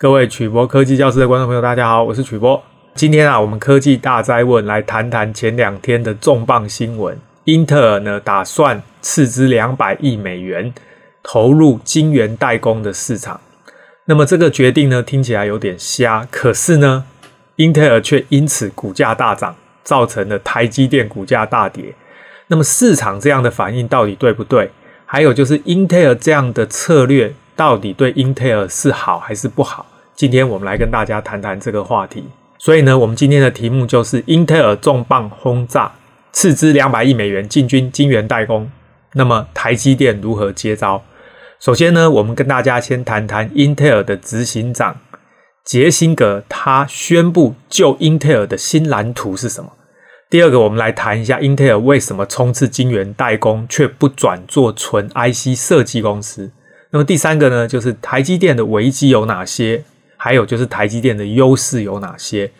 各位曲博科技教室的觀眾朋友，大家好，我是曲博。今天啊，我們科技大哉問來談談前兩天的重磅新聞：英特爾呢打算斥資兩百億美元投入晶圓代工的市場。那麼這個決定呢，聽起來有點瞎，可是呢，英特爾卻因此股價大漲，造成了台積電股價大跌。那麼市場這樣的反應到底對不對？還有就是英特爾這樣的策略到底對英特爾是好還是不好？今天我們來跟大家談談這個話題，所以呢，我們今天的題目就是英特爾重磅轟炸，斥資兩百億美元進軍晶圓代工，那麼台積電如何接招？首先呢，我們跟大家先談談英特爾的執行長杰辛格，他宣布就英特爾的新藍圖是什麼？第二個，我們來談一下英特爾為什麼衝刺晶圓代工，卻不轉做純 IC 設計公司？那麼第三個呢，就是台積電的危機有哪些？還有就是台積電的優勢有哪些？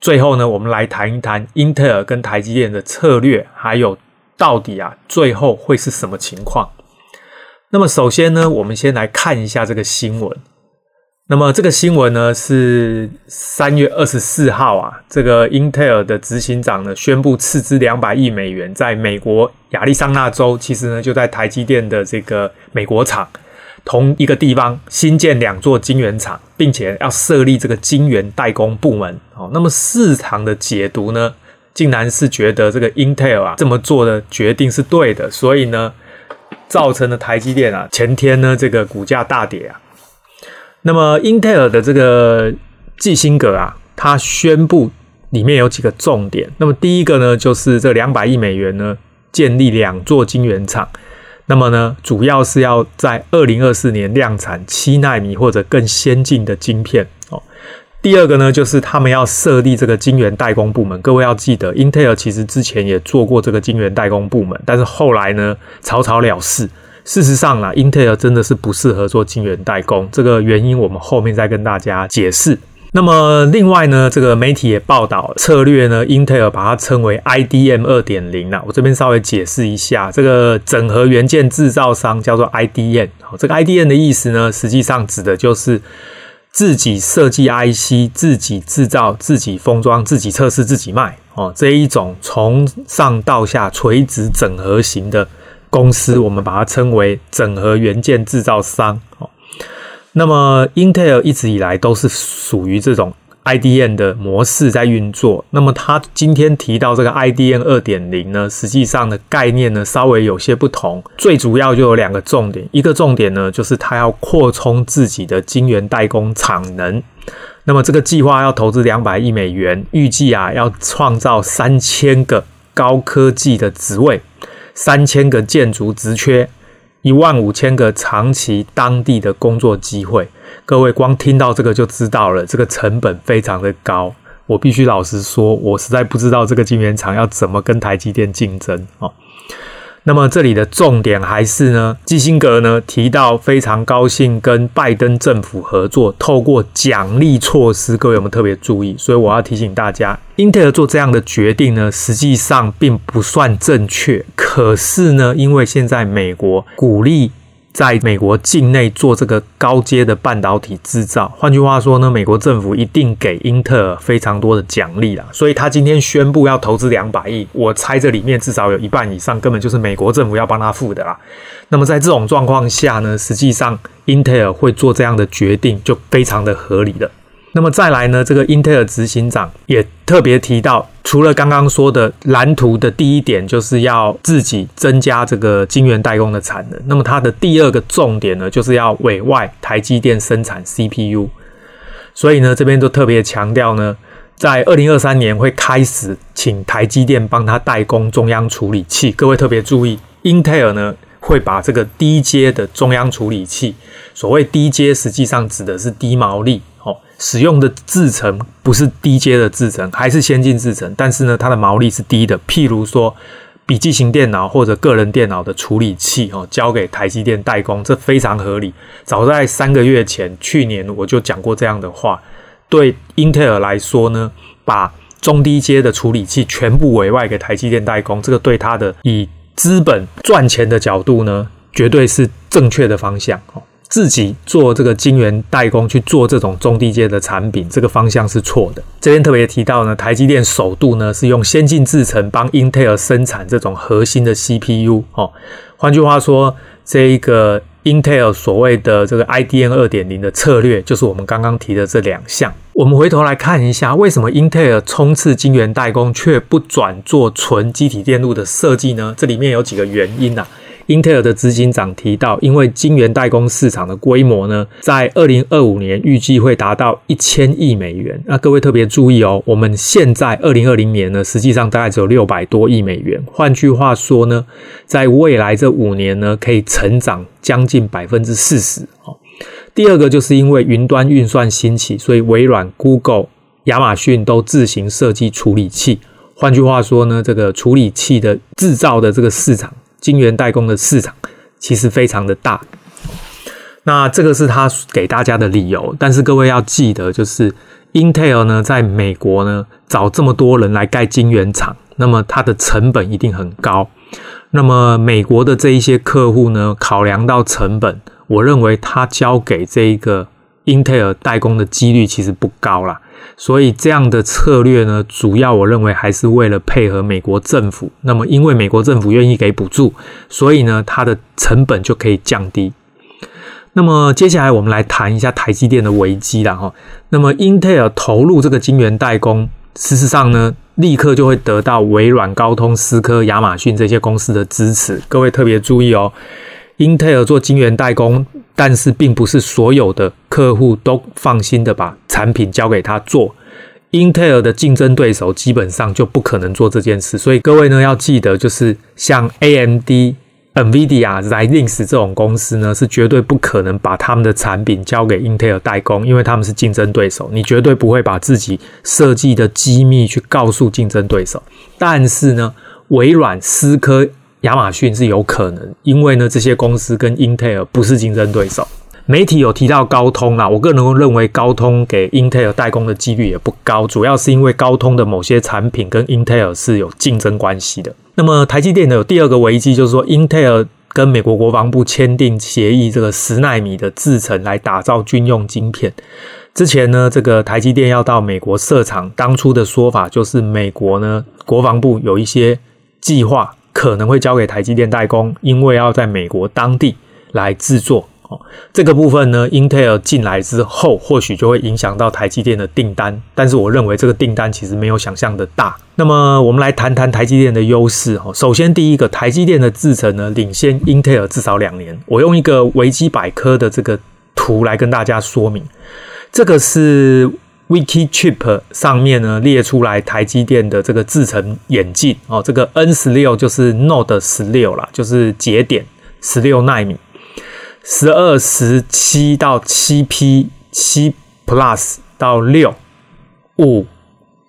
最後呢，我們來談一談英特爾跟台積電的策略，還有到底啊，最後會是什麼情況？那麼首先呢，我們先來看一下這個新聞。那麼這個新聞呢，是三月二十四號啊，這個英特爾的執行長呢，宣布斥資兩百億美元，在美國亞利桑那州，其實呢就在台積電的這個美國廠。同一個地方新建兩座晶圓廠，並且要設立這個晶圓代工部門。哦，那麼市場的解讀呢，竟然是覺得這個 Intel 啊這麼做的決定是對的，所以呢，造成了台積電啊前天呢這個股價大跌啊。那麼 Intel 的這個季辛格啊，他宣布裡面有幾個重點。那麼第一個呢，就是這兩百億美元呢，建立兩座晶圓廠。那麼呢，主要是要在二零二四年量產七納米或者更先進的晶片哦。第二個呢，就是他們要設立這個晶圓代工部門。各位要記得，Intel 其實之前也做過這個晶圓代工部門，但是後來呢，草草了事。事實上呢，Intel 真的是不適合做晶圓代工，這個原因我們後面再跟大家解釋。那麼另外呢，這個媒體也報道，策略呢，Intel 把它稱為 IDM 2.0了。我這邊稍微解釋一下，這個整合元件製造商叫做 IDM。哦，這個 IDM 的意思呢，實際上指的就是自己設計 IC、自己製造、自己封裝、自己測試、自己賣哦，這一種從上到下垂直整合型的公司，我們把它稱為整合元件製造商。哦。那麼，Intel 一直以來都是屬於這種 IDM 的模式在運作。那麼，它今天提到這個 IDM 2.0呢，實際上的概念呢稍微有些不同。最主要就有兩個重點，一個重點呢就是它要擴充自己的晶圓代工產能。那麼，這個計劃要投資兩百億美元，預計啊要創造三千個高科技的職位，三千個建築職缺。一萬五千個長期當地的工作機會，各位光聽到這個就知道了，這個成本非常的高。我必須老實說，我實在不知道這個晶圓廠要怎麼跟台積電競爭啊。那麼這裡的重點還是呢，基辛格呢提到非常高興跟拜登政府合作，透過獎勵措施，各位有沒有特別注意？所以我要提醒大家，英特爾做這樣的決定呢，實際上並不算正確。可是呢，因為現在美國鼓勵。在美國境內做這個高階的半導體制造，換句話說呢，美國政府一定給英特爾非常多的獎勵啦，所以他今天宣布要投資兩百億，我猜這裡面至少有一半以上根本就是美國政府要幫他付的啦。那麼在這種狀況下呢，實際上英特爾會做這樣的決定就非常的合理的。那麼再來呢，這個英特爾執行長也特別提到。除了剛剛說的藍圖的第一點，就是要自己增加這個晶圓代工的產能。那麼它的第二個重點呢，就是要委外台積電生產 CPU。所以呢，這邊就特別強調呢，在二零二三年會開始請台積電幫他代工中央處理器。各位特別注意，Intel 呢會把這個低階的中央處理器，所謂低階，實際上指的是低毛利。哦，使用的製程不是低階的製程，還是先進製程，但是呢，它的毛利是低的。譬如說，筆記型電腦或者個人電腦的處理器，哦，交給台積電代工，這非常合理。早在三個月前，去年我就講過這樣的話。對英特爾來說呢，把中低階的處理器全部委外給台積電代工，這個對它的以資本賺錢的角度呢，絕對是正確的方向。哦。自己做這個晶圓代工，去做這種中低階的產品，這個方向是錯的。這邊特別提到呢，台積電首度呢是用先進製程幫英特爾生產這種核心的 CPU 哦。換句話說，這一個英特爾所謂的這個 IDM 2.0的策略，就是我們剛剛提的這兩項。我們回頭來看一下，為什麼英特爾衝刺晶圓代工卻不轉做純積體電路的設計呢？這裡面有幾個原因吶、啊。英特爾的執行長提到，因為晶圓代工市場的規模呢，在二零二五年預計會達到一千億美元。那各位特別注意哦，我們現在二零二零年呢，實際上大概只有六百多億美元。換句話說呢，在未來這五年呢，可以成長將近百分之四十哦。第二個就是因為雲端運算興起，所以微軟、Google、亞馬遜都自行設計處理器。換句話說呢，這個處理器的製造的這個市場。晶圓代工的市場其實非常的大，那這個是他給大家的理由。但是各位要記得，就是 Intel 呢，在美國呢找這麼多人來蓋晶圓廠，那麼它的成本一定很高。那麼美國的這一些客戶呢，考量到成本，我認為他交給這一個 Intel 代工的幾率其實不高啦。所以這樣的策略呢，主要我認為還是為了配合美國政府。那麼，因為美國政府願意給補助，所以呢，它的成本就可以降低。那麼，接下來我們來談一下台積電的危機啦，哈。那麼，英特爾投入這個晶圓代工，事實上呢，立刻就會得到微軟、高通、思科、亞馬遜這些公司的支持。各位特別注意哦，英特爾做晶圓代工，但是並不是所有的。客戶都放心的把產品交給他做，Intel 的競爭對手基本上就不可能做這件事，所以各位呢要記得，就是像 AMD、NVIDIA、Xilinx 這種公司呢是絕對不可能把他們的產品交給 Intel 代工，因為他們是競爭對手。你絕對不會把自己設計的機密去告訴競爭對手。但是呢，微軟、思科、亞馬遜是有可能，因為呢這些公司跟 Intel 不是競爭對手。媒體有提到高通啦，啊，我個人認為高通給英特爾代工的幾率也不高，主要是因為高通的某些產品跟英特爾是有競爭關係的。那麼台積電呢，有第二個危機，就是說英特爾跟美國國防部簽訂協議，這個十奈米的製程來打造軍用晶片。之前呢，這個台積電要到美國設廠，當初的說法就是美國呢，國防部有一些計劃可能會交給台積電代工，因為要在美國當地來製作。這個部分呢，Intel 進來之後，或許就會影響到台積電的訂單，但是我認為這個訂單其實沒有想象的大。那麼，我們來談談台積電的優勢哦。首先，第一個，台積電的製程呢，領先 Intel 至少兩年。我用一個維基百科的這個圖來跟大家說明，這個是 Wiki Chip 上面呢列出來台積電的這個製程演進哦。這個 N 十六就是 Node 十六啦，就是節點十六奈米。十二十七到七 P 七 Plus 到六五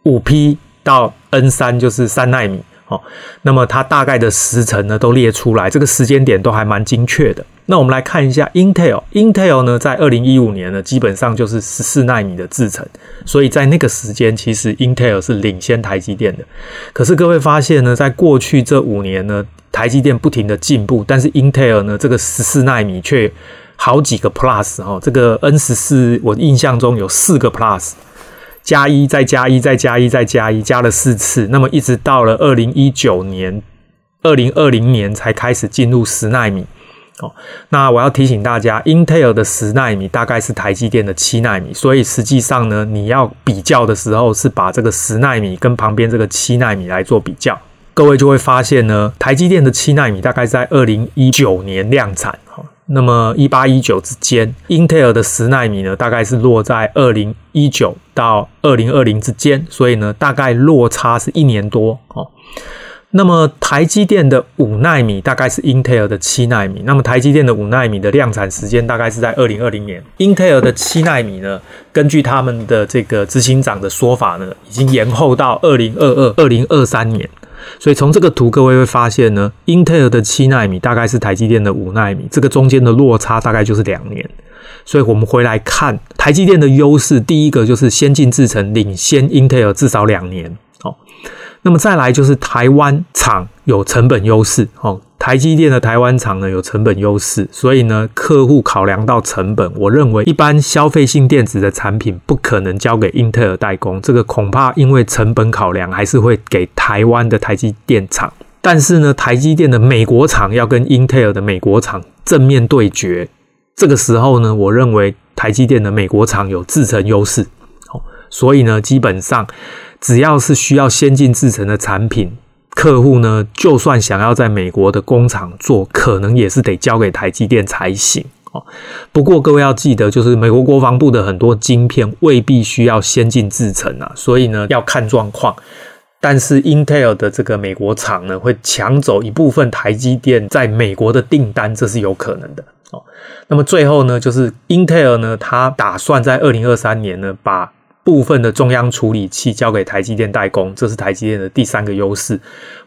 五 P 到 N 三就是三奈米哦，那麼它大概的時程呢都列出來，這個時間點都還蠻精確的。那我們來看一下 Intel，Intel 呢在二零一五年呢基本上就是十四奈米的製程，所以在那個時間其實 Intel 是領先台積電的。可是各位發現呢，在過去這五年呢。台積電不停地進步，但是 Intel 呢，這個十四納米卻好幾個 Plus 哈、哦，這個 N 十四我印象中有四個 Plus，加一再加一再加一再加一，加了四次，那麼一直到了二零一九年、二零二零年才開始進入十納米。哦，那我要提醒大家，Intel 的十納米大概是台積電的七納米，所以實際上呢，你要比較的時候是把這個十納米跟旁邊這個七納米來做比較。各位就會發現呢，台積電的七納米大概在二零一九年量產，哦，那麼一八一九之間，英特爾的十納米呢，大概是落在二零一九到二零二零之間，所以呢，大概落差是一年多哦。那麼台積電的五納米大概是英特爾的七納米，那麼台積電的五納米的量產時間大概是在二零二零年，英特爾的七納米呢，根據他們的這個執行長的說法呢，已經延後到二零二二、二零二三年。所以從這個圖，各位會發現呢，Intel 的七納米大概是台積電的五納米，這個中間的落差大概就是兩年。所以我們回來看台積電的優勢，第一個就是先進製程領先 Intel 至少兩年，哦，那麼再來就是台灣廠有成本優勢，哦。台積電的台灣廠呢，有成本優勢，所以呢，客戶考量到成本，我認為一般消費性電子的產品不可能交給英特爾代工，這個恐怕因為成本考量，還是會給台灣的台積電廠。但是呢，台積電的美國廠要跟英特爾的美國廠正面對決，這個時候呢，我認為台積電的美國廠有製程優勢，哦，所以呢，基本上只要是需要先進製程的產品。客戶呢，就算想要在美國的工廠做，可能也是得交給台積電才行啊。不過各位要記得，就是美國國防部的很多晶片未必需要先進製程啊，所以呢要看狀況。但是 Intel 的這個美國廠呢，會搶走一部分台積電在美國的訂單，這是有可能的啊。那麼最後呢，就是 Intel 呢，它打算在二零二三年呢把。部分的中央處理器交給台積電代工，這是台積電的第三個優勢。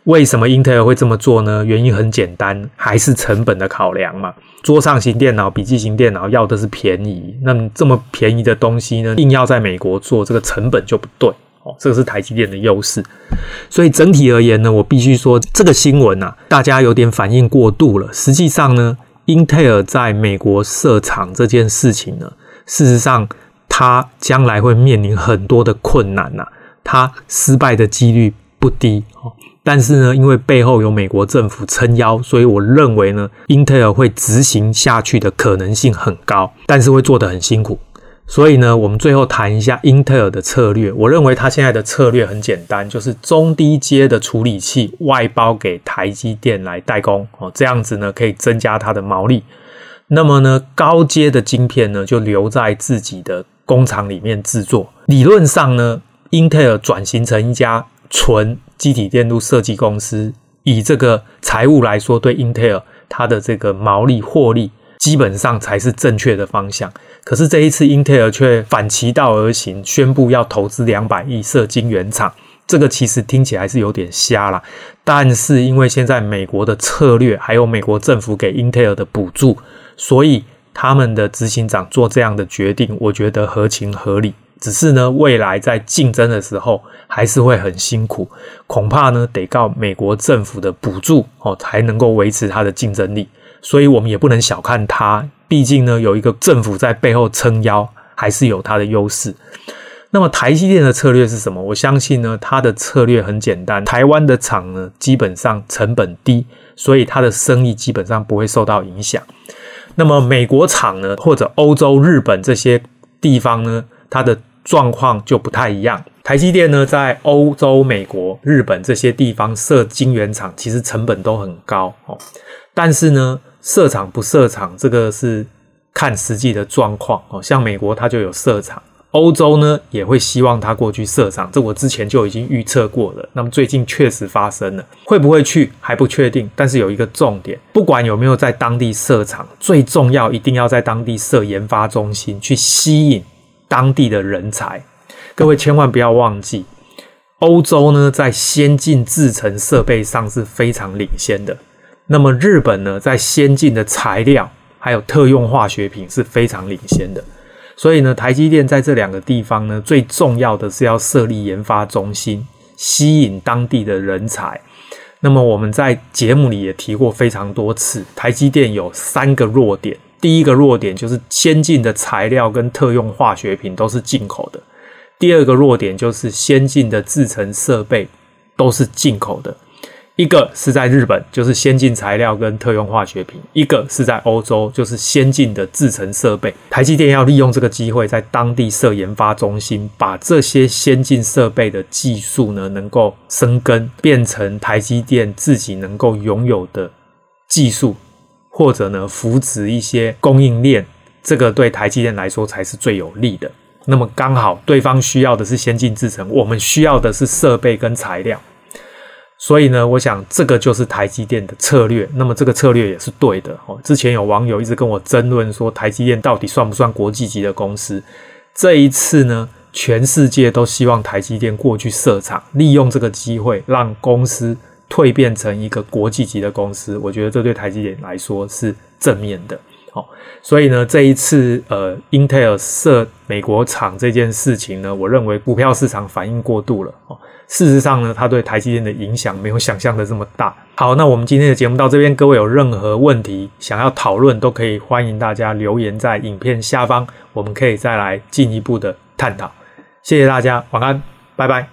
為什麼英特爾會這麼做呢？原因很簡單，還是成本的考量嘛。桌上型電腦、筆記型電腦要的是便宜，那麼這麼便宜的東西呢，硬要在美國做，這個成本就不對哦。這個是台積電的優勢。所以整體而言呢，我必須說這個新聞啊，大家有點反應過度了。實際上呢，英特爾在美國設廠這件事情呢，事實上。它將來會面臨很多的困難吶、啊，它失敗的幾率不低哦。但是呢，因為背後有美國政府撐腰，所以我認為呢，英特爾會執行下去的可能性很高，但是會做得很辛苦。所以呢，我們最後談一下英特爾的策略。我認為它現在的策略很簡單，就是中低階的處理器外包給台積電來代工哦，這樣子呢可以增加它的毛利。那麼呢，高階的晶片呢就留在自己的。工廠裡面製作，理論上呢，英特爾轉型成一家純積體電路設計公司。以這個財務來說，對英特爾它的這個毛利獲利，基本上才是正確的方向。可是這一次英特爾卻反其道而行，宣布要投資兩百億設晶圓廠，這個其實聽起來是有點瞎啦，但是因為現在美國的策略，還有美國政府給英特爾的補助，所以。他們的執行長做這樣的決定，我覺得合情合理。只是呢，未來在競爭的時候還是會很辛苦，恐怕呢得靠美國政府的補助哦，才能夠維持它的競爭力。所以，我們也不能小看它，畢竟呢有一個政府在背後撐腰，還是有它的優勢。那麼，台積電的策略是什麼？我相信呢，它的策略很簡單：台灣的廠呢，基本上成本低，所以它的生意基本上不會受到影響。那麼美國廠呢，或者歐洲、日本這些地方呢，它的狀況就不太一樣。台積電呢，在歐洲、美國、日本這些地方設晶圓廠，其實成本都很高哦。但是呢，設廠不設廠，這個是看實際的狀況哦。像美國它就有設廠。歐洲呢，也會希望他過去設廠，這我之前就已經預測過了。那麼最近確實發生了，會不會去還不確定。但是有一個重點，不管有沒有在當地設廠，最重要一定要在當地設研發中心，去吸引當地的人才。各位千萬不要忘記，歐洲呢，在先進製程設備上是非常領先的。那麼日本呢，在先進的材料還有特用化學品是非常領先的。所以呢，台積電在這兩個地方呢，最重要的是要設立研發中心，吸引當地的人才。那麼我們在節目裡也提過非常多次，台積電有三個弱點。第一個弱點就是先進的材料跟特用化學品都是進口的；第二個弱點就是先進的製程設備都是進口的。一個是在日本，就是先進材料跟特用化學品；一個是在歐洲，就是先進的製程設備。台積電要利用這個機會，在當地設研發中心，把這些先進設備的技術呢，能夠生根，變成台積電自己能夠擁有的技術，或者呢，扶持一些供應鏈。這個對台積電來說才是最有利的。那麼剛好對方需要的是先進製程，我們需要的是設備跟材料。所以呢，我想這個就是台積電的策略。那麼這個策略也是對的。哦，之前有網友一直跟我爭論說，台積電到底算不算國際級的公司？這一次呢，全世界都希望台積電過去設廠，利用這個機會讓公司蛻變成一個國際級的公司。我覺得這對台積電來說是正面的。好，所以呢，這一次呃，英特爾設美國廠這件事情呢，我認為股票市場反應過度了。哦，事實上呢，它對台積電的影響沒有想象的這麼大。好，那我們今天的節目到這邊，各位有任何問題想要討論，都可以歡迎大家留言在影片下方，我們可以再來進一步的探討。謝謝大家，晚安，拜拜。